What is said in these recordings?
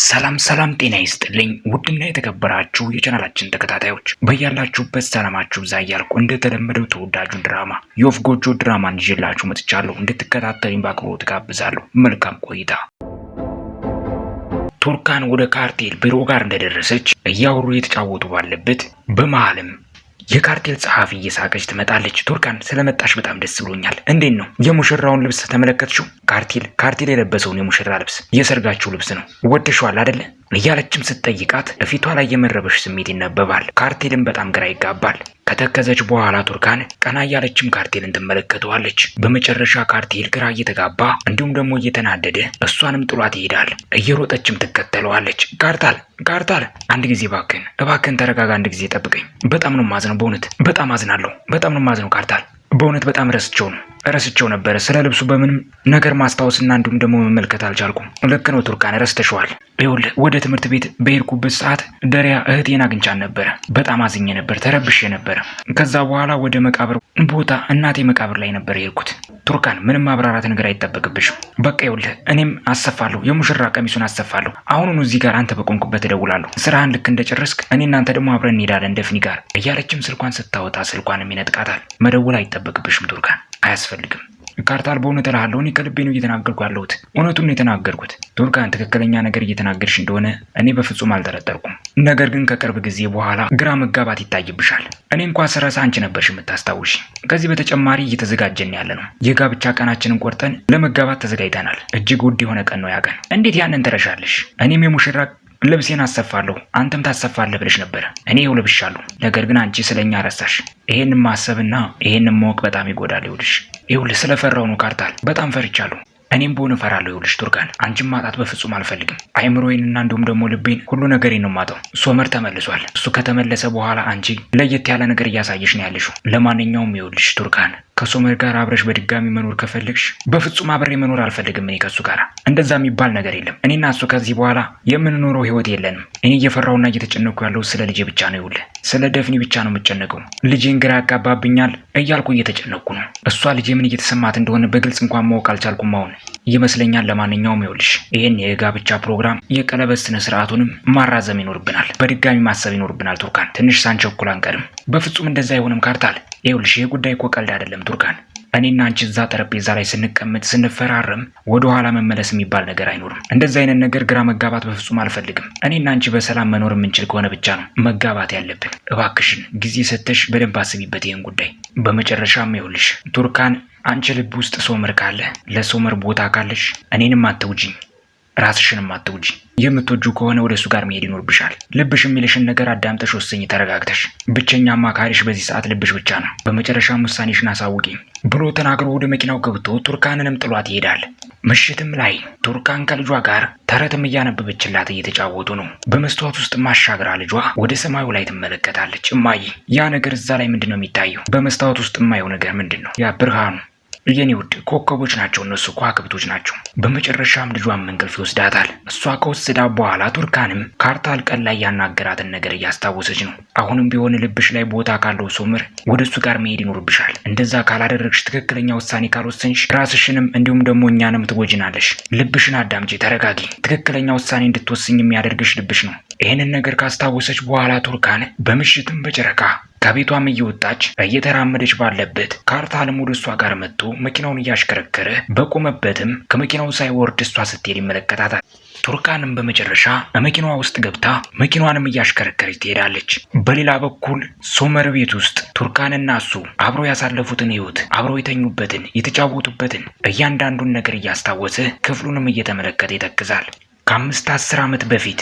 ሰላም ሰላም፣ ጤና ይስጥልኝ ውድና የተከበራችሁ የቻናላችን ተከታታዮች በያላችሁበት ሰላማችሁ ብዛ እያልኩ እንደተለመደው ተወዳጁን ድራማ የወፍ ጎጆ ድራማን ይዤላችሁ መጥቻለሁ። እንድትከታተሉኝ በአክብሮት ትጋብዛለሁ። መልካም ቆይታ። ቱርካን ወደ ካርቴል ቢሮ ጋር እንደደረሰች እያወሩ የተጫወቱ ባለበት በመሃልም የካርቴል ጸሐፊ እየሳቀች ትመጣለች። ቱርካን ስለመጣሽ በጣም ደስ ብሎኛል። እንዴት ነው የሙሽራውን ልብስ ተመለከትሽው? ካርቴል ካርቴል የለበሰውን የሙሽራ ልብስ የሰርጋችሁ ልብስ ነው ወደሸዋል አደለ? እያለችም ስትጠይቃት በፊቷ ላይ የመረበሽ ስሜት ይነበባል። ካርቴልም በጣም ግራ ይጋባል። ከተከዘች በኋላ ቱርካን ቀና እያለችም ካርቴልን ትመለከተዋለች። በመጨረሻ ካርቴል ግራ እየተጋባ እንዲሁም ደግሞ እየተናደደ እሷንም ጥሏት ይሄዳል። እየሮጠችም ትከተለዋለች። ካርታል ካርታል፣ አንድ ጊዜ እባክህን እባክህን ተረጋጋ፣ አንድ ጊዜ ጠብቀኝ። በጣም ነው ማዝነው፣ በእውነት በጣም አዝናለሁ፣ በጣም ነው ማዝነው ካርታል፣ በእውነት በጣም ረስቼው ነው ረስቸው ነበረ። ስለ ልብሱ በምንም ነገር ማስታወስና እንዲሁም ደግሞ መመልከት አልቻልኩም። ልክ ነው ቱርካን፣ ረስተሸዋል። ይኸውልህ ወደ ትምህርት ቤት በሄድኩበት ሰዓት ደሪያ እህቴን አግኝቻን ነበረ። በጣም አዝኜ ነበር፣ ተረብሼ ነበረ። ከዛ በኋላ ወደ መቃብር ቦታ እናቴ መቃብር ላይ ነበር የሄድኩት። ቱርካን፣ ምንም ማብራራት ነገር አይጠበቅብሽም። በቃ ይኸውልህ እኔም አሰፋለሁ፣ የሙሽራ ቀሚሱን አሰፋለሁ። አሁኑኑ እዚህ ጋር አንተ በቆምኩበት እደውላለሁ። ስራህን ልክ እንደጨረስክ እኔ እናንተ ደግሞ አብረን እንሄዳለን ደፍኒ ጋር እያለችም ስልኳን ስታወጣ ስልኳንም ይነጥቃታል። መደውል አይጠበቅብሽም ቱርካን አያስፈልግም። ካርታል በእውነት እልሃለሁ፣ እኔ ከልቤ ነው እየተናገርኩ ያለሁት። እውነቱን ነው የተናገርኩት። ቱርካን፣ ትክክለኛ ነገር እየተናገርሽ እንደሆነ እኔ በፍጹም አልጠረጠርኩም። ነገር ግን ከቅርብ ጊዜ በኋላ ግራ መጋባት ይታይብሻል። እኔ እንኳ ስረሳ አንቺ ነበርሽ የምታስታውሽ። ከዚህ በተጨማሪ እየተዘጋጀን ያለ ነው። የጋብቻ ቀናችንን ቆርጠን ለመጋባት ተዘጋጅተናል። እጅግ ውድ የሆነ ቀን ነው ያ ቀን። እንዴት ያንን ትረሻለሽ? እኔም የሙሽራ ልብሴን አሰፋለሁ አንተም ታሰፋለህ ብለሽ ነበረ። እኔ ይኸው ለብሻለሁ። ነገር ግን አንቺ ስለኛ ረሳሽ። ይሄን ማሰብና ይሄን ማወቅ በጣም ይጎዳል። ይኸውልሽ ይኸውልሽ ስለፈራው ነው ካርታል፣ በጣም ፈርቻለሁ። እኔም በሆነ እፈራለሁ። ይኸውልሽ ቱርካን፣ አንቺን ማጣት በፍጹም አልፈልግም። አይምሮዬንና እንዲሁም ደግሞ ልቤን፣ ሁሉ ነገሬን ነው ማጣው። ሶመር ተመልሷል። እሱ ከተመለሰ በኋላ አንቺ ለየት ያለ ነገር እያሳየሽ ነው ያለሽው። ለማንኛውም ይኸውልሽ ቱርካን ከሶመር ጋር አብረሽ በድጋሚ መኖር ከፈልግሽ፣ በፍጹም አብሬ መኖር አልፈልግም። እኔ ከሱ ጋር እንደዛ የሚባል ነገር የለም። እኔና እሱ ከዚህ በኋላ የምንኖረው ህይወት የለንም። እኔ እየፈራውና እየተጨነኩ ያለው ስለ ልጄ ብቻ ነው። ይውል ስለ ደፍኒ ብቻ ነው የምጨነቀው። ልጄን ግራ ያጋባብኛል እያልኩ እየተጨነኩ ነው። እሷ ልጄ ምን እየተሰማት እንደሆነ በግልጽ እንኳን ማወቅ አልቻልኩም። አሁን ይመስለኛል። ለማንኛውም ይውልሽ ይህን የጋብቻ ፕሮግራም የቀለበት ስነ ስርዓቱንም ማራዘም ይኖርብናል። በድጋሚ ማሰብ ይኖርብናል። ቱርካን ትንሽ ሳንቸኩል አንቀርም። በፍጹም እንደዛ አይሆንም ካርታል ይኸውልሽ ይህ ጉዳይ እኮ ቀልድ አይደለም ቱርካን። እኔና አንቺ እዛ ጠረጴዛ ላይ ስንቀመጥ ስንፈራረም ወደ ኋላ መመለስ የሚባል ነገር አይኖርም። እንደዚህ አይነት ነገር ግራ መጋባት በፍጹም አልፈልግም። እኔና አንቺ በሰላም መኖር የምንችል ከሆነ ብቻ ነው መጋባት ያለብን። እባክሽን ጊዜ ሰተሽ በደንብ አስቢበት ይህን ጉዳይ። በመጨረሻም ይኸውልሽ ቱርካን አንቺ ልብ ውስጥ ሶመር ካለ ለሶመር ቦታ ካለሽ እኔንም አተውጅኝ። ራስሽንም አትውጂ። የምትወጂው ከሆነ ወደ እሱ ጋር መሄድ ይኖርብሻል። ልብሽ የሚልሽን ነገር አዳምጠሽ ወሰኝ፣ ተረጋግተሽ። ብቸኛ አማካሪሽ በዚህ ሰዓት ልብሽ ብቻ ነው። በመጨረሻም ውሳኔሽን አሳውቂ ብሎ ተናግሮ ወደ መኪናው ገብቶ ቱርካንንም ጥሏት ይሄዳል። ምሽትም ላይ ቱርካን ከልጇ ጋር ተረትም እያነበበችላት እየተጫወቱ ነው። በመስተዋት ውስጥ ማሻገራ ልጇ ወደ ሰማዩ ላይ ትመለከታለች። እማዬ፣ ያ ነገር እዛ ላይ ምንድን ነው የሚታየው? በመስታወት ውስጥ የማየው ነገር ምንድን ነው? ያ ብርሃኑ የኔ ውድ ኮከቦች ናቸው እነሱ ከዋክብቶች ናቸው። በመጨረሻም ልጇን እንቅልፍ ይወስዳታል። እሷ ከወሰዳ በኋላ ቱርካንም ካርታል ቀን ላይ ያናገራትን ነገር እያስታወሰች ነው። አሁንም ቢሆን ልብሽ ላይ ቦታ ካለው ሶምር ወደ እሱ ጋር መሄድ ይኖርብሻል። እንደዛ ካላደረግሽ፣ ትክክለኛ ውሳኔ ካልወሰንሽ ራስሽንም እንዲሁም ደግሞ እኛንም ትጎጅናለሽ። ልብሽን አዳምጪ፣ ተረጋጊ። ትክክለኛ ውሳኔ እንድትወስኝ የሚያደርግሽ ልብሽ ነው። ይህንን ነገር ካስታወሰች በኋላ ቱርካን በምሽትም በጨረቃ ከቤቷም እየወጣች እየተራመደች ባለበት ካርታልም ወደ እሷ ጋር መጥቶ መኪናውን እያሽከረከረ በቆመበትም ከመኪናው ሳይወርድ እሷ ስትሄድ ይመለከታታል። ቱርካንም በመጨረሻ መኪናዋ ውስጥ ገብታ መኪናዋንም እያሽከረከረች ትሄዳለች። በሌላ በኩል ሶመር ቤት ውስጥ ቱርካንና እሱ አብረው ያሳለፉትን ህይወት አብረው የተኙበትን የተጫወቱበትን እያንዳንዱን ነገር እያስታወሰ ክፍሉንም እየተመለከተ ይተክዛል። ከአምስት አስር ዓመት በፊት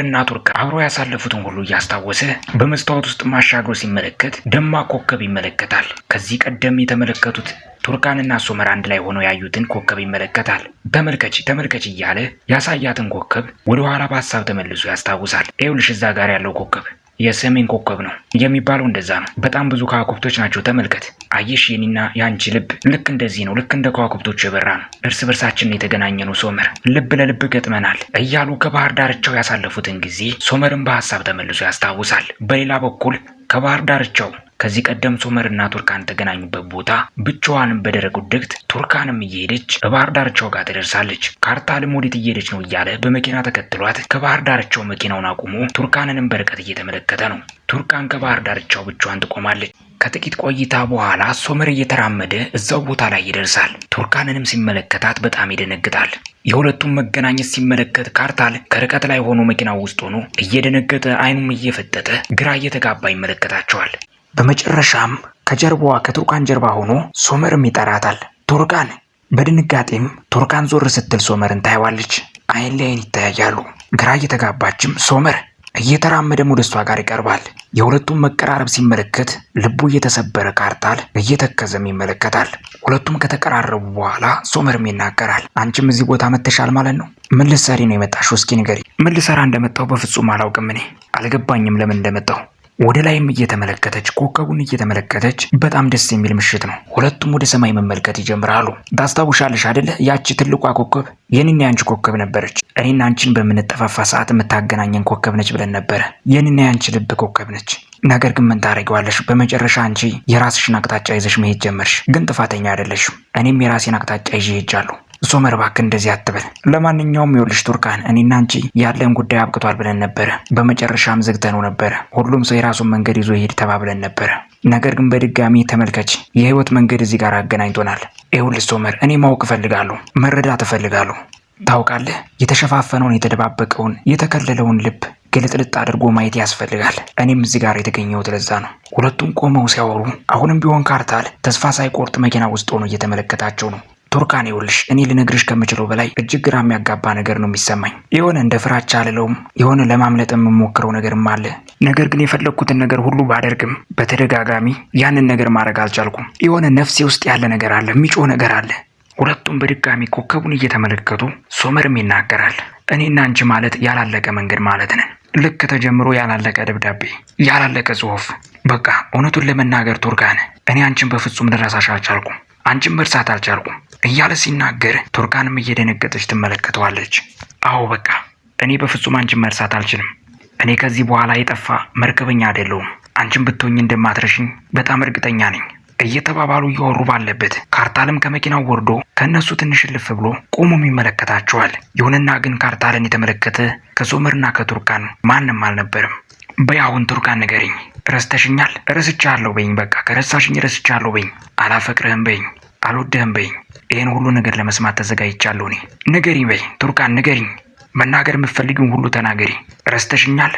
እና ቱርክ አብሮ ያሳለፉትን ሁሉ እያስታወሰ በመስታወት ውስጥ ማሻግሮ ሲመለከት ደማቅ ኮከብ ይመለከታል። ከዚህ ቀደም የተመለከቱት ቱርካንና ሶመር አንድ ላይ ሆነው ያዩትን ኮከብ ይመለከታል። ተመልከች ተመልከች እያለ ያሳያትን ኮከብ ወደ ኋላ በሀሳብ ተመልሶ ያስታውሳል። ኤውልሽ እዛ ጋር ያለው ኮከብ የሰሜን ኮከብ ነው የሚባለው። እንደዛ ነው። በጣም ብዙ ከዋክብቶች ናቸው። ተመልከት። አየሽ፣ የኔና የአንቺ ልብ ልክ እንደዚህ ነው። ልክ እንደ ከዋክብቶቹ የበራ ነው። እርስ በርሳችን የተገናኘ ነው። ሶመር፣ ልብ ለልብ ገጥመናል እያሉ ከባህር ዳርቻው ያሳለፉትን ጊዜ ሶመርን በሀሳብ ተመልሶ ያስታውሳል። በሌላ በኩል ከባህር ዳርቻው ከዚህ ቀደም ሶመርና ቱርካን ተገናኙበት ቦታ ብቻዋንም በደረቁ ድግት ቱርካንም እየሄደች በባህር ዳርቻው ጋር ትደርሳለች። ካርታልም ወዴት እየሄደች ነው እያለ በመኪና ተከትሏት ከባህር ዳርቻው መኪናውን አቁሞ ቱርካንንም በርቀት እየተመለከተ ነው። ቱርካን ከባህር ዳርቻው ብቻዋን ትቆማለች። ከጥቂት ቆይታ በኋላ ሶመር እየተራመደ እዛው ቦታ ላይ ይደርሳል። ቱርካንንም ሲመለከታት በጣም ይደነግጣል። የሁለቱም መገናኘት ሲመለከት ካርታል ከርቀት ላይ ሆኖ መኪናው ውስጥ ሆኖ እየደነገጠ አይኑም እየፈጠጠ ግራ እየተጋባ ይመለከታቸዋል። በመጨረሻም ከጀርባዋ ከቱርካን ጀርባ ሆኖ ሶመርም ይጠራታል። ቱርካን በድንጋጤም ቱርካን ዞር ስትል ሶመርን ታየዋለች። አይን ላይን ይተያያሉ። ግራ እየተጋባችም ሶመር እየተራመደም ወደ እሷ ጋር ይቀርባል። የሁለቱም መቀራረብ ሲመለከት ልቡ እየተሰበረ ካርታል እየተከዘም ይመለከታል። ሁለቱም ከተቀራረቡ በኋላ ሶመርም ይናገራል። አንቺም እዚህ ቦታ መተሻል ማለት ነው? ምን ልትሰሪ ነው የመጣሽው? እስኪ ንገሪ። ምን ልሰራ እንደመጣው በፍጹም አላውቅም። እኔ አልገባኝም ለምን እንደመጣው ወደ ላይም እየተመለከተች ኮከቡን እየተመለከተች በጣም ደስ የሚል ምሽት ነው። ሁለቱም ወደ ሰማይ መመልከት ይጀምራሉ። ታስታውሻለሽ አደለ? ያቺ ትልቋ ኮከብ የኔና ያንቺ ኮከብ ነበረች። እኔና አንቺን በምንጠፋፋ ሰዓት የምታገናኘን ኮከብ ነች ብለን ነበረ። የኔና ያንቺ ልብ ኮከብ ነች። ነገር ግን ምን ታደርጊዋለሽ? በመጨረሻ አንቺ የራስሽን አቅጣጫ ይዘሽ መሄድ ጀመርሽ። ግን ጥፋተኛ አይደለሽም። እኔም የራሴን አቅጣጫ ይዤ ሄጃለሁ። ሶመር እባክህ እንደዚህ አትበል። ለማንኛውም ይኸውልሽ ቱርካን፣ እኔና አንቺ ያለን ጉዳይ አብቅቷል ብለን ነበረ። በመጨረሻም ዘግተነው ነበረ። ሁሉም ሰው የራሱን መንገድ ይዞ ይሄድ ተባብለን ነበረ። ነገር ግን በድጋሚ ተመልከች፣ የህይወት መንገድ እዚህ ጋር አገናኝቶናል። ይኸውልሽ ሶመር፣ እኔ ማወቅ እፈልጋለሁ፣ መረዳት እፈልጋለሁ። ታውቃለህ፣ የተሸፋፈነውን የተደባበቀውን የተከለለውን ልብ ግልጥልጥ አድርጎ ማየት ያስፈልጋል። እኔም እዚህ ጋር የተገኘሁት ለዛ ነው። ሁለቱም ቆመው ሲያወሩ፣ አሁንም ቢሆን ካርታል ተስፋ ሳይቆርጥ መኪና ውስጥ ሆኖ እየተመለከታቸው ነው። ቱርካን ይኸውልሽ፣ እኔ ልነግርሽ ከምችለው በላይ እጅግ ግራ የሚያጋባ ነገር ነው የሚሰማኝ። የሆነ እንደ ፍራቻ አልለውም፣ የሆነ ለማምለጥ የምሞክረው ነገርም አለ። ነገር ግን የፈለግኩትን ነገር ሁሉ ባደርግም በተደጋጋሚ ያንን ነገር ማድረግ አልቻልኩም። የሆነ ነፍሴ ውስጥ ያለ ነገር አለ፣ የሚጮህ ነገር አለ። ሁለቱም በድጋሚ ኮከቡን እየተመለከቱ ሶመርም ይናገራል። እኔና አንቺ ማለት ያላለቀ መንገድ ማለት ነን። ልክ ተጀምሮ ያላለቀ ደብዳቤ፣ ያላለቀ ጽሑፍ። በቃ እውነቱን ለመናገር ቱርካን፣ እኔ አንቺን በፍጹም ልረሳሽ አልቻልኩም፣ አንቺን መርሳት አልቻልኩም እያለ ሲናገር ቱርካንም እየደነገጠች ትመለከተዋለች። አዎ በቃ እኔ በፍጹም አንቺን መርሳት አልችልም። እኔ ከዚህ በኋላ የጠፋ መርከበኛ አይደለሁም። አንቺን ብትሆኝ እንደማትረሽኝ በጣም እርግጠኛ ነኝ። እየተባባሉ እያወሩ ባለበት ካርታልም ከመኪናው ወርዶ ከእነሱ ትንሽ ልፍ ብሎ ቆሞም ይመለከታቸዋል። ይሁንና ግን ካርታልን የተመለከተ ከሶመርና ከቱርካን ማንም አልነበርም። በይ አሁን ቱርካን ነገርኝ ረስተሽኛል? ረስቻለሁ በኝ። በቃ ከረሳሽኝ ረስቻለሁ በኝ። አላፈቅርህም በኝ። አልወድህም በኝ ይህን ሁሉ ነገር ለመስማት ተዘጋጅቻለሁ እኔ። ንገሪኝ በይ ቱርካን፣ ንገሪኝ። መናገር የምትፈልጊውን ሁሉ ተናገሪ። ረስተሽኛል?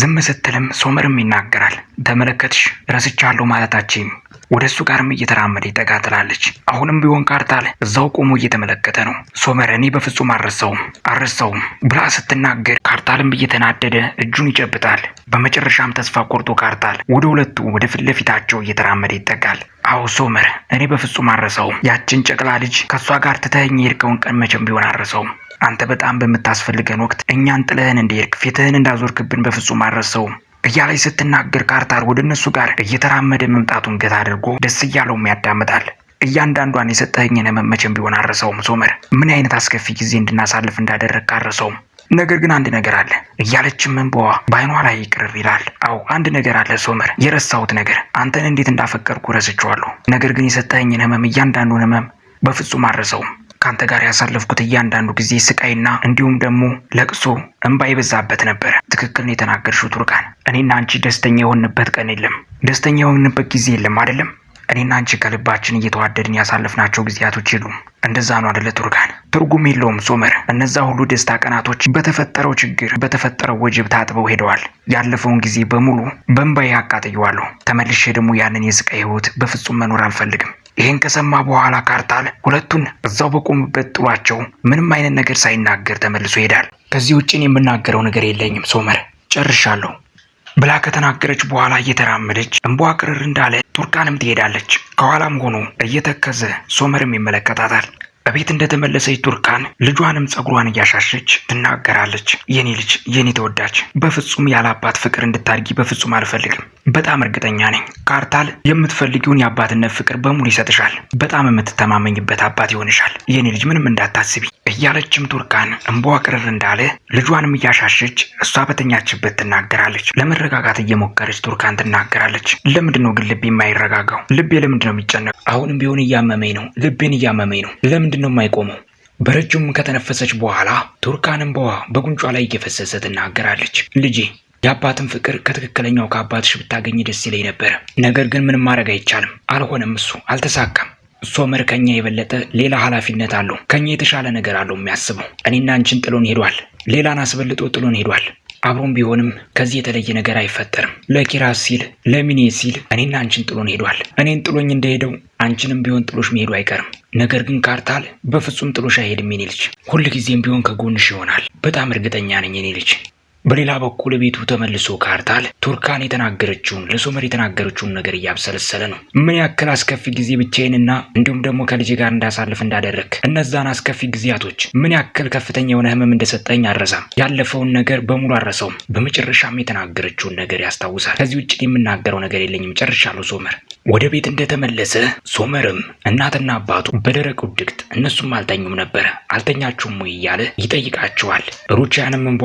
ዝም ስትልም ሶመርም ይናገራል። ተመለከትሽ፣ ረስቻለሁ ማለታችኝ ወደ እሱ ጋርም እየተራመደ ይጠጋ ትላለች። አሁንም ቢሆን ካርታል እዛው ቆሞ እየተመለከተ ነው። ሶመር እኔ በፍጹም አረሰው አረሰው ብላ ስትናገር ካርታልም እየተናደደ እጁን ይጨብጣል። በመጨረሻም ተስፋ ቆርጦ ካርታል ወደ ሁለቱ ወደ ፊት ለፊታቸው እየተራመደ ይጠጋል። አዎ ሶመር እኔ በፍጹም አረሰው ያችን ጨቅላ ልጅ ከእሷ ጋር ትተኸኝ የሄድከውን ቀን መቼም ቢሆን አረሰው አንተ በጣም በምታስፈልገን ወቅት እኛን ጥለህን እንደሄድክ ፊትህን እንዳዞርክብን በፍጹም አረሰው። እያለች ስትናገር ካርታር ወደ እነሱ ጋር እየተራመደ መምጣቱን ገታ አድርጎ ደስ እያለውም ያዳምጣል። እያንዳንዷን የሰጠኸኝን ህመም መቼም ቢሆን አረሰውም። ሶመር ምን አይነት አስከፊ ጊዜ እንድናሳልፍ እንዳደረግ ካረሰውም ነገር ግን አንድ ነገር አለ እያለችም እንባዋ በአይኗ ላይ ይቅርር ይላል። አዎ አንድ ነገር አለ ሶመር፣ የረሳሁት ነገር አንተን እንዴት እንዳፈቀርኩ ረስችዋለሁ ነገር ግን የሰጠኸኝን ህመም፣ እያንዳንዱን ህመም በፍጹም አረሰውም። ከአንተ ጋር ያሳለፍኩት እያንዳንዱ ጊዜ ስቃይና እንዲሁም ደግሞ ለቅሶ እንባ የበዛበት ነበረ። ትክክል ነው የተናገርሽው ቱርካን። እኔና አንቺ ደስተኛ የሆንበት ቀን የለም፣ ደስተኛ የሆንበት ጊዜ የለም አይደለም። እኔና አንቺ ከልባችን እየተዋደድን ያሳለፍናቸው ጊዜያቶች የሉም። እንደዛ ነው አደለ ቱርካን? ትርጉም የለውም ሶመር። እነዛ ሁሉ ደስታ ቀናቶች በተፈጠረው ችግር፣ በተፈጠረው ወጀብ ታጥበው ሄደዋል። ያለፈውን ጊዜ በሙሉ በእንባዬ አቃጥየዋለሁ። ተመልሼ ደግሞ ያንን የስቃይ ህይወት በፍጹም መኖር አልፈልግም። ይህን ከሰማ በኋላ ካርታል ሁለቱን እዛው በቆሙበት ጥሏቸው ምንም አይነት ነገር ሳይናገር ተመልሶ ይሄዳል። ከዚህ ውጭን የምናገረው ነገር የለኝም ሶመር፣ ጨርሻለሁ ብላ ከተናገረች በኋላ እየተራመደች እንቧ ቅርር እንዳለ ቱርካንም ትሄዳለች። ከኋላም ሆኖ እየተከዘ ሶመርም ይመለከታታል። እቤት እንደተመለሰች ቱርካን ልጇንም ጸጉሯን እያሻሸች ትናገራለች። የኔ ልጅ የኔ ተወዳጅ፣ በፍጹም ያለ አባት ፍቅር እንድታድጊ በፍጹም አልፈልግም። በጣም እርግጠኛ ነኝ ካርታል የምትፈልጊውን የአባትነት ፍቅር በሙሉ ይሰጥሻል። በጣም የምትተማመኝበት አባት ይሆንሻል። የኔ ልጅ ምንም እንዳታስቢ እያለችም ቱርካን እንባዋ ቅርር እንዳለ ልጇንም እያሻሸች እሷ በተኛችበት ትናገራለች። ለመረጋጋት እየሞከረች ቱርካን ትናገራለች። ለምንድን ነው ግን ልቤ የማይረጋጋው? ልቤ ለምንድን ነው የሚጨነቀው? አሁንም ቢሆን እያመመኝ ነው። ልቤን እያመመኝ ነው። ለምንድን ለምንድን ነው የማይቆመው? በረጅሙ ከተነፈሰች በኋላ ቱርካን እንባዋ በጉንጯ ላይ እየፈሰሰ ትናገራለች። ልጄ የአባትን ፍቅር ከትክክለኛው ከአባትሽ ብታገኝ ደስ ይለኝ ነበር፣ ነገር ግን ምንም ማድረግ አይቻልም። አልሆነም፣ እሱ አልተሳካም። ሶመር ከኛ የበለጠ ሌላ ኃላፊነት አለው። ከኛ የተሻለ ነገር አለው የሚያስበው። እኔና አንቺን ጥሎን ሄዷል። ሌላን አስበልጦ ጥሎን ሄዷል። አብሮም ቢሆንም ከዚህ የተለየ ነገር አይፈጠርም። ለኪራስ ሲል ለሚኔ ሲል እኔና አንቺን ጥሎን ሄዷል። እኔን ጥሎኝ እንደሄደው አንቺንም ቢሆን ጥሎሽ መሄዱ አይቀርም። ነገር ግን ካርታል በፍጹም ጥሎሽ አይሄድም የኔ ልጅ፣ ሁልጊዜም ቢሆን ከጎንሽ ይሆናል። በጣም እርግጠኛ ነኝ የኔ ልጅ። በሌላ በኩል ቤቱ ተመልሶ ካርታል ቱርካን የተናገረችውን ለሶመር የተናገረችውን ነገር እያብሰለሰለ ነው። ምን ያክል አስከፊ ጊዜ ብቻዬንና እንዲሁም ደግሞ ከልጅ ጋር እንዳሳልፍ እንዳደረግ እነዛን አስከፊ ጊዜያቶች ምን ያክል ከፍተኛ የሆነ ህመም እንደሰጠኝ አልረሳም። ያለፈውን ነገር በሙሉ አረሰውም። በመጨረሻም የተናገረችውን ነገር ያስታውሳል። ከዚህ ውጭ የምናገረው ነገር የለኝም፣ ጨርሻለሁ ሶመር። ወደ ቤት እንደተመለሰ ሶመርም እናትና አባቱ በደረቅ ውድቅት እነሱም አልተኙም ነበረ። አልተኛችሁም ወይ እያለ ይጠይቃቸዋል። ሩቻያንም እንቧ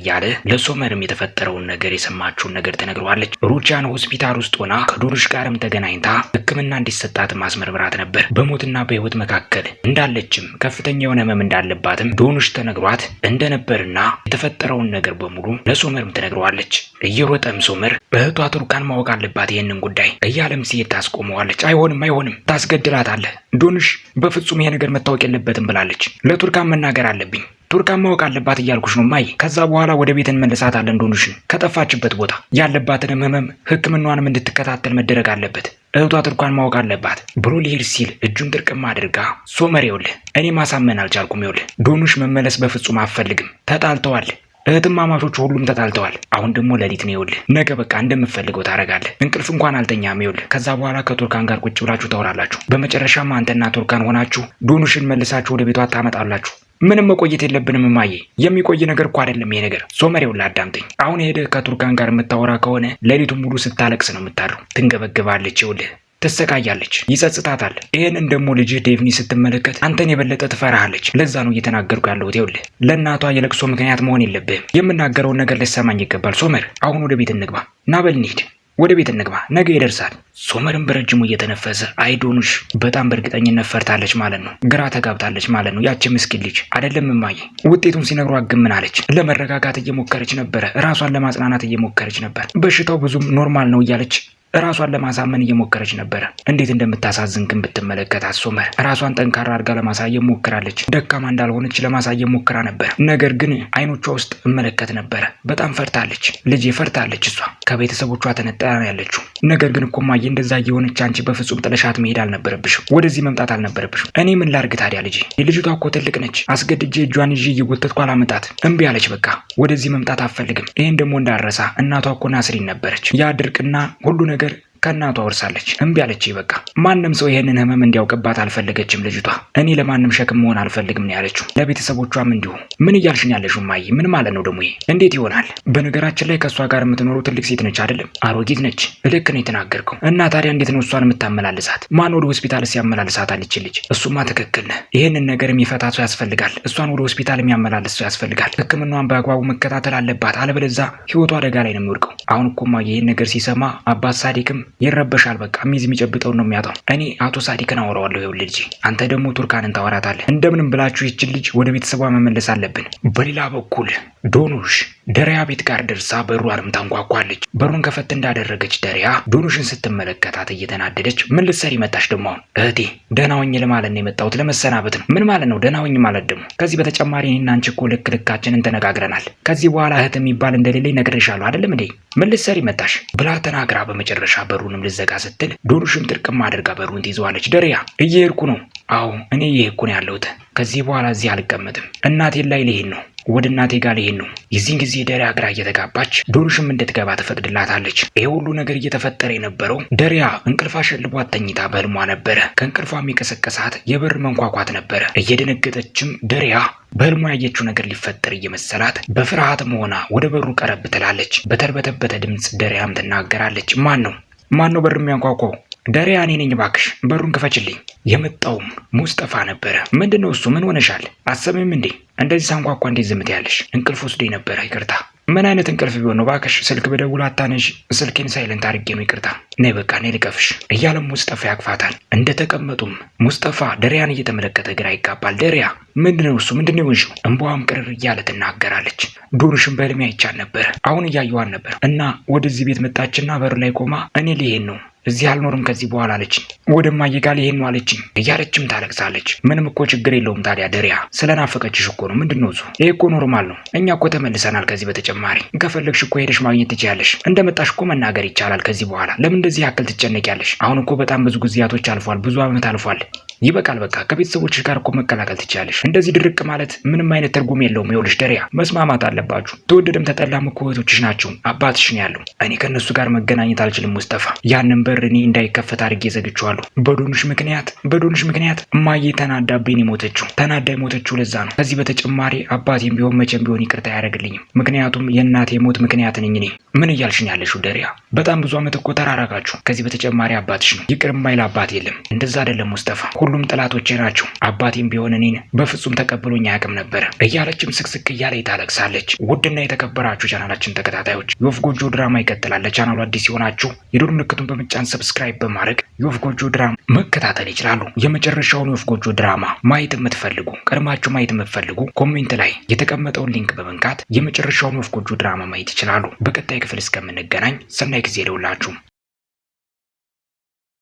እያለ ለሶመርም የተፈጠረውን ነገር የሰማችውን ነገር ተነግረዋለች። ሩቻን ሆስፒታል ውስጥ ሆና ከዶኑሽ ጋርም ተገናኝታ ሕክምና እንዲሰጣት ማስመርምራት ነበር። በሞትና በህይወት መካከል እንዳለችም ከፍተኛ የሆነ ህመም እንዳለባትም ዶኑሽ ተነግሯት እንደነበርና የተፈጠረውን ነገር በሙሉ ለሶመርም ተነግረዋለች። እየሮጠም ሶመር እህቷ ቱርካን ማወቅ አለባት ይህንን ጉዳይ እያለም ሲሄድ ታስቆመዋለች። አይሆንም አይሆንም፣ ታስገድላታለህ ዶኑሽ በፍጹም ይሄ ነገር መታወቅ የለበትም ብላለች። ለቱርካን መናገር አለብኝ ቱርካን ማወቅ አለባት እያልኩሽ ነው ማይ። ከዛ በኋላ ወደ ቤት እንመልሳታለን። ዶኑሽ ከጠፋችበት ቦታ ያለባትንም ህመም ሕክምናዋንም እንድትከታተል መደረግ አለበት። እህቷ ቱርካን ማወቅ አለባት ብሎ ሊሄድ ሲል እጁን ጥርቅም አድርጋ ሶመር፣ ይኸውልህ እኔ ማሳመን አልቻልኩም። ይኸውልህ ዶኑሽ መመለስ በፍጹም አፈልግም ተጣልተዋል። እህትማማቾቹ ሁሉም ተጣልተዋል። አሁን ደግሞ ለሊት ነው። ይኸውልህ ነገ በቃ እንደምፈልገው ታደርጋለህ። እንቅልፍ እንኳን አልተኛም። ይኸውልህ ከዛ በኋላ ከቱርካን ጋር ቁጭ ብላችሁ ታወራላችሁ። በመጨረሻም አንተና ቱርካን ሆናችሁ ዶኑሽን መልሳችሁ ወደ ቤቷ ታመጣላችሁ። ምንም መቆየት የለብንም እማዬ። የሚቆይ ነገር እኮ አይደለም ይሄ ነገር። ሶመሬውን ላዳምጠኝ። አሁን ሄደህ ከቱርካን ጋር የምታወራ ከሆነ ሌሊቱን ሙሉ ስታለቅስ ነው የምታድረው። ትንገበግባለች ይውልህ ትሰቃያለች፣ ይጸጽታታል። ይህንን ደግሞ ልጅህ ዴቭኒ ስትመለከት አንተን የበለጠ ትፈራሃለች። ለዛ ነው እየተናገርኩ ያለሁት። ይኸውልህ ለእናቷ የለቅሶ ምክንያት መሆን የለብህም። የምናገረውን ነገር ልትሰማኝ ይገባል። ሶመር አሁን ወደ ቤት እንግባ፣ ና በል እንሂድ። ወደ ቤት እንግባ፣ ነገ ይደርሳል። ሶመርን በረጅሙ እየተነፈሰ አይዶኑሽ በጣም በእርግጠኝነት ፈርታለች ማለት ነው። ግራ ተጋብታለች ማለት ነው። ያቺ ምስኪን ልጅ አይደለም እማዬ። ውጤቱን ሲነግሩ አግምን አለች። ለመረጋጋት እየሞከረች ነበረ። ራሷን ለማጽናናት እየሞከረች ነበር። በሽታው ብዙም ኖርማል ነው እያለች ራሷን ለማሳመን እየሞከረች ነበረ። እንዴት እንደምታሳዝን ግን ብትመለከታት ሶመር ራሷን ጠንካራ አድርጋ ለማሳየት ሞክራለች። ደካማ እንዳልሆነች ለማሳየት ሞክራ ነበር። ነገር ግን አይኖቿ ውስጥ እመለከት ነበረ። በጣም ፈርታለች። ልጄ ፈርታለች። እሷ ከቤተሰቦቿ ተነጥላ ነው ያለችው። ነገር ግን እኮ እንደዛ እየሆነች አንቺ በፍጹም ጥለሻት መሄድ አልነበረብሽም። ወደዚህ መምጣት አልነበረብሽም። እኔ ምን ላርግ ታዲያ ልጄ? የልጅቷ እኮ ትልቅ ነች። አስገድጄ እጇን ይዤ እየጎተትኩ አላመጣት። እምቢ አለች። በቃ ወደዚህ መምጣት አፈልግም ይህን ደግሞ እንዳረሳ እናቷ እኮ ናስሪን ነበረች። ያ ድርቅና ሁሉ ነገር ከእናቷ ወርሳለች። እምቢ አለች። በቃ ማንም ሰው ይህንን ህመም እንዲያውቅባት አልፈለገችም ልጅቷ። እኔ ለማንም ሸክም መሆን አልፈልግም ነው ያለችው፣ ለቤተሰቦቿም እንዲሁ። ምን እያልሽ ነው ያለሽው ምን ማለት ነው ደግሞ ይሄ? እንዴት ይሆናል? በነገራችን ላይ ከእሷ ጋር የምትኖረው ትልቅ ሴት ነች አይደለም? አሮጊት ነች። ልክ ነው የተናገርከው። እና ታዲያ እንዴት ነው እሷን የምታመላልሳት? ማን ወደ ሆስፒታል ሲያመላልሳት አለች ልጅ? እሱማ ትክክል ነህ። ይህንን ነገር የሚፈታ ሰው ያስፈልጋል። እሷን ወደ ሆስፒታል የሚያመላልስ ሰው ያስፈልጋል። ህክምናዋን በአግባቡ መከታተል አለባት። አለበለዛ ህይወቷ አደጋ ላይ ነው የሚወድቀው። አሁን እኮማ ይህን ነገር ሲሰማ አባት ሳዲቅም ይረበሻል። በቃ ሚዝ የሚጨብጠውን ነው የሚያጣው። እኔ አቶ ሳዲቅን አወራዋለሁ። ይኸውልህ ልጄ፣ አንተ ደግሞ ቱርካንን ታወራታለህ። እንደምንም ብላችሁ ይችን ልጅ ወደ ቤተሰቧ መመለስ አለብን። በሌላ በኩል ዶኑሽ ደሪያ ቤት ጋር ደርሳ በሩንም ታንኳኳለች። በሩን ከፈት እንዳደረገች ደሪያ ዶኑሽን ስትመለከታት እየተናደደች ምን ልትሰሪ መጣሽ? ደግሞ አሁን እህቴ ደህና ሁኝ ለማለት ነው የመጣሁት፣ ለመሰናበት ነው። ምን ማለት ነው ደህና ማለት ደግሞ? ከዚህ በተጨማሪ እኔና አንቺ እኮ ልክ ልካችንን ተነጋግረናል። ከዚህ በኋላ እህት የሚባል እንደሌለ ይነግርሻለሁ አይደለም እንዴ? ምን ልትሰሪ መጣሽ? ብላ ተናግራ በመጨረሻ በሩን በሩንም ልዘጋ ስትል ዶሩ ጥርቅም አድርጋ በሩን ትይዘዋለች። ደሪያ እየሄድኩ ነው። አዎ እኔ እየሄድኩ ነው ያለሁት። ከዚህ በኋላ እዚህ አልቀመጥም። እናቴን ላይ ልሄድ ነው ወደ እናቴ ጋር ልሄድ ነው። የዚህን ጊዜ ደሪያ ግራ እየተጋባች ዶርሽም እንድትገባ ትፈቅድላታለች። ይህ ሁሉ ነገር እየተፈጠረ የነበረው ደሪያ እንቅልፏ ሸልቧት ተኝታ በህልሟ ነበረ። ከእንቅልፏ የሚቀሰቀሳት የበር መንኳኳት ነበረ። እየደነገጠችም ደሪያ በህልሟ ያየችው ነገር ሊፈጠር እየመሰላት በፍርሃት መሆና ወደ በሩ ቀረብ ትላለች። በተርበተበተ ድምፅ ደሪያም ትናገራለች። ማን ነው? ማን ነው በር የሚያንኳኳው? ደሪያ፣ እኔ ነኝ እባክሽ፣ በሩን ክፈችልኝ። የመጣውም ሙስጠፋ ነበረ። ምንድን ነው እሱ? ምን ሆነሻል? አሰብም እንዴ? እንደዚህ ሳንኳኳ እንዴት ዝም ትያለሽ? እንቅልፍ ወስዶኝ ነበረ፣ ይቅርታ ምን አይነት እንቅልፍ ቢሆን ነው ባክሽ? ስልክ በደውል አታነሽ። ስልኬን ሳይለንት አድርጌ ነው ይቅርታ። ነይ በቃ ነይ ልቀፍሽ እያለም ሙስጠፋ ያቅፋታል። እንደተቀመጡም ሙስጠፋ ደሪያን እየተመለከተ ግራ ይጋባል። ደሪያ ምንድነው እሱ ምንድነው ይወንሽ? እንባዋም ቅርር እያለ ትናገራለች። ዶንሽን በህልሜ አይቻል ነበር፣ አሁን እያየዋን ነበር እና ወደዚህ ቤት መጣችና በር ላይ ቆማ እኔ ልሄድ ነው እዚህ አልኖርም ከዚህ በኋላ አለችኝ። ወደማዬ ጋር ይሄን ነው አለችኝ እያለችም ታለቅሳለች። ምንም እኮ ችግር የለውም ታዲያ ደሪያ ስለናፈቀችሽ እኮ ነው። ምንድን ነው እሱ ይሄ እኮ ኖርማል ነው። እኛ እኮ ተመልሰናል። ከዚህ በተጨማሪ ከፈለግሽ እኮ ሄደሽ ማግኘት ትችያለሽ። እንደመጣሽ እኮ መናገር ይቻላል። ከዚህ በኋላ ለምን እንደዚህ ያክል ትጨነቂያለሽ? አሁን እኮ በጣም ብዙ ጊዜያቶች አልፏል፣ ብዙ ዓመት አልፏል። ይበቃል። በቃ ከቤተሰቦችሽ ጋር እኮ መቀላቀል ትችያለሽ። እንደዚህ ድርቅ ማለት ምንም አይነት ትርጉም የለውም። ይኸውልሽ ደሪያ፣ መስማማት አለባችሁ። ተወደደም ተጠላም እኮ እህቶችሽ ናቸው፣ አባትሽ ነው ያለው። እኔ ከእነሱ ጋር መገናኘት አልችልም ሙስጠፋ። ያንን በር እኔ እንዳይከፈት አድርጌ ዘግቼዋለሁ። በዶንሽ ምክንያት በዶንሽ ምክንያት እማዬ ተናዳብኝ የሞተችው ተናዳ የሞተችው ለዛ ነው። ከዚህ በተጨማሪ አባቴም ቢሆን መቼም ቢሆን ይቅርታ አያደርግልኝም። ምክንያቱም የእናቴ ሞት ምክንያት ነኝ እኔ። ምን እያልሽን ያለሽው ደሪያ? በጣም ብዙ ዓመት እኮ ተራራቃችሁ። ከዚህ በተጨማሪ አባትሽ ነው። ይቅር የማይል አባት የለም። እንደዛ አይደለም ሙስጠፋ ሁሉ ሁሉም ጠላቶቼ ናቸው። አባቴም ቢሆን እኔን በፍጹም ተቀብሎኝ አያውቅም ነበረ እያለችም ስቅስቅ እያለ ታለቅሳለች። ውድና የተከበራችሁ ቻናላችን ተከታታዮች የወፍ ጎጆ ድራማ ይቀጥላል። ለቻናሉ አዲስ ሲሆናችሁ የደወል ምልክቱን በመጫን ሰብስክራይብ በማድረግ የወፍ ጎጆ ድራማ መከታተል ይችላሉ። የመጨረሻውን የወፍ ጎጆ ድራማ ማየት የምትፈልጉ ቀድማችሁ ማየት የምትፈልጉ ኮሜንት ላይ የተቀመጠውን ሊንክ በመንካት የመጨረሻውን የወፍ ጎጆ ድራማ ማየት ይችላሉ። በቀጣይ ክፍል እስከምንገናኝ ሰናይ ጊዜ ይደውላችሁ።